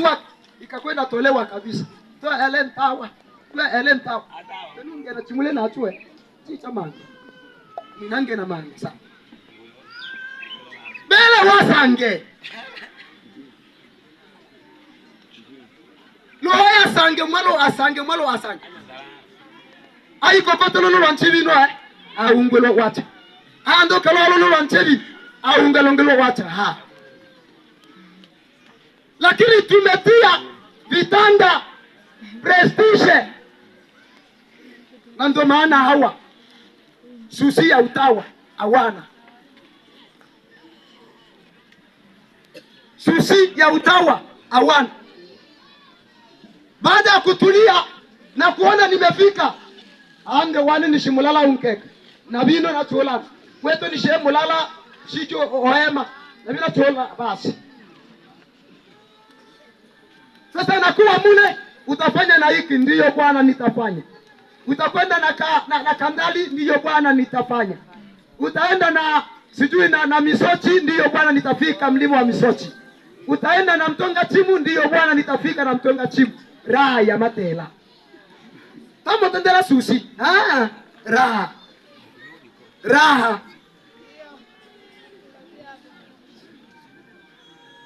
wakati wake ikakuwa inatolewa kabisa. Toa Ellen Tawa, toa Ellen Tawa. Nunge na chimule na atue. Chicha manga. Minange na manga sana. Bele wasange. Loho haya sange mwalo asange mwalo asange. Ayi kokoto lolo lwanchibi no eh. aungwelo wata. Ando kalolo lwanchibi aungwelo ngelo wata ha lakini tumetia vitanda prestige, na ndio maana hawa susi ya utawa hawana susi ya utawa hawana. Baada ya kutulia na kuona nimefika ange wani shimulala unkeke na vino na tuolana kwetu nishemulala shicho oema na vino tuola basi nakuwa mule, utafanya na hiki, ndiyo Bwana nitafanya. Utakwenda na, ka, na, na kandali, ndiyo Bwana nitafanya. Utaenda na sijui na, na misochi, ndiyo Bwana nitafika mlima wa misochi. Utaenda na mtonga chimu, ndiyo Bwana nitafika na mtonga chimu. Raha ya matela tendela susi ah, raha raha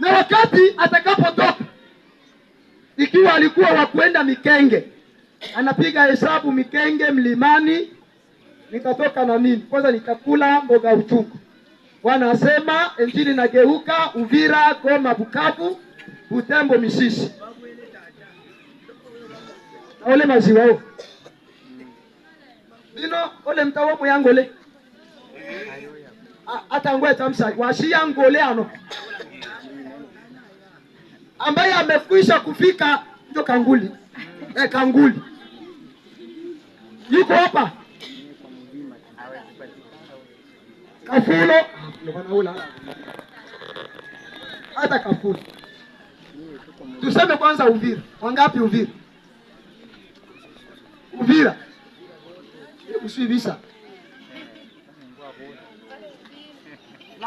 na wakati atakapotoka ikiwa alikuwa wa kwenda Mikenge, anapiga hesabu Mikenge mlimani, nitatoka na mimi kwanza, nitakula mboga uchungu. Bwana asema injili nageuka Uvira, Goma, Bukavu, Butembo, Misisi maziwa maziwao bino ole mtawomo yangole atangweta msai washiyangole ano ambaye amekwisha kufika ndio Kanguli. Eh, Kanguli yuko hapa Kafulo, hata Kafulo tuseme kwanza. Uvira wangapi? Uvira, Uvira usivisa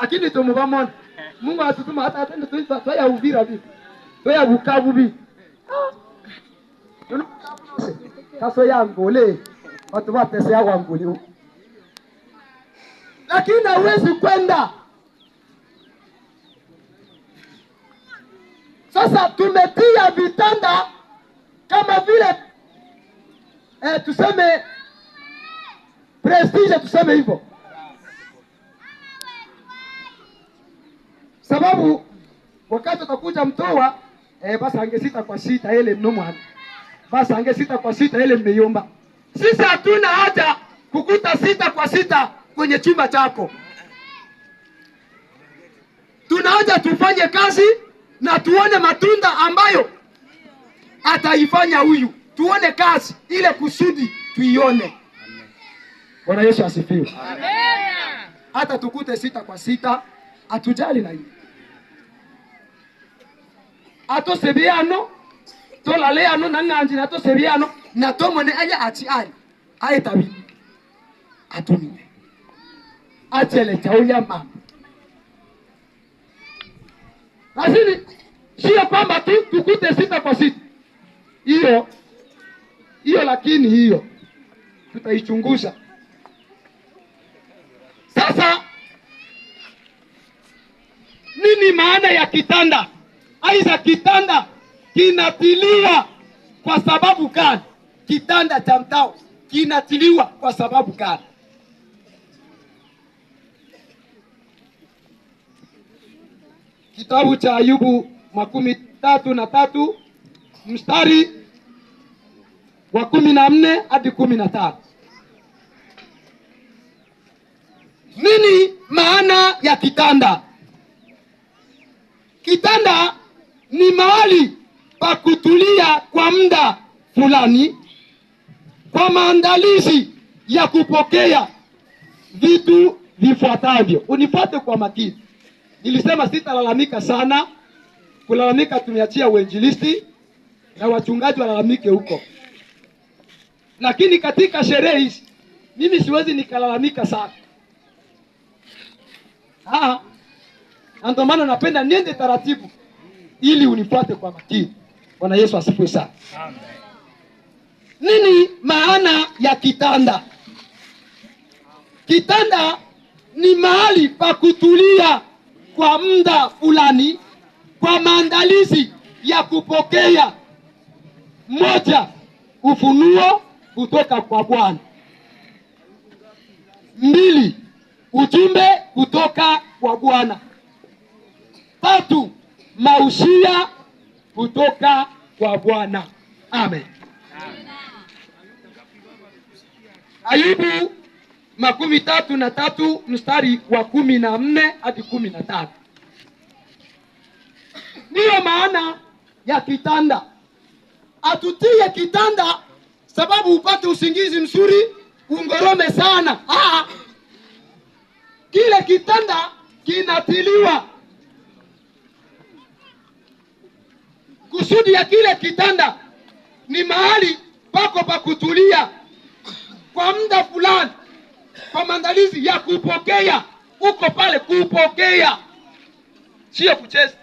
lakini tumuvamona Mungu atutuma hata atende tuiva twaya Uvira vipi toyabuka bubi ah. kaso yangole watu watese yawanguliwa, lakini hawezi kwenda. Sasa tumetia vitanda kama vile eh, tuseme prestige, tuseme hivyo, sababu wakati utakuja mtoa Eh, basi angesita kwa sita ile mnomwana. Basi angesita kwa sita ile mmeyomba. Sisi hatuna haja kukuta sita kwa sita kwenye chumba chako. Tunaoja tufanye kazi na tuone matunda ambayo ataifanya huyu, tuone kazi ile kusudi tuione. Bwana Yesu asifiwe. Amen. Hata tukute sita kwa sita, hatujali na hiyo atosebie ano tolale ano na ng'anji na atosebie ano na tomone aya achi ali aetabi atumie achele chauya mama lakini sio kwamba tu tukute sita kwa sita hiyo hiyo, lakini hiyo tutaichunguza sasa. Nini maana ya kitanda? aidha kitanda kinatilia kwa sababu gani? Kitanda cha mtao kinatiliwa kwa sababu gani? Kitabu cha Ayubu makumi tatu na tatu mstari wa kumi na nne hadi kumi na tano. Nini maana ya kitanda? Kitanda ni mahali pa kutulia kwa muda fulani kwa maandalizi ya kupokea vitu vifuatavyo. Unifuate kwa makini. Nilisema sitalalamika sana, kulalamika tumeachia uinjilisti na wachungaji walalamike huko, lakini katika sherehe hizi mimi siwezi nikalalamika sana. Ah, ndio maana napenda niende taratibu ili unifuate kwa makini. Bwana Yesu asifiwe sana. Nini maana ya kitanda? Kitanda ni mahali pa kutulia kwa muda fulani kwa maandalizi ya kupokea moja, ufunuo kutoka kwa Bwana; mbili, ujumbe kutoka kwa Bwana; tatu, maushia kutoka kwa Bwana. Amen. Ayubu makumi tatu na tatu mstari wa kumi na nne hadi kumi na tatu Ndiyo maana ya kitanda, atutie kitanda sababu upate usingizi mzuri, ungorome sana. Aa, ah! kile kitanda kinatiliwa Kusudi ya kile kitanda ni mahali pako pa kutulia kwa muda fulani, kwa maandalizi ya kupokea. Uko pale kupokea, sio kucheza.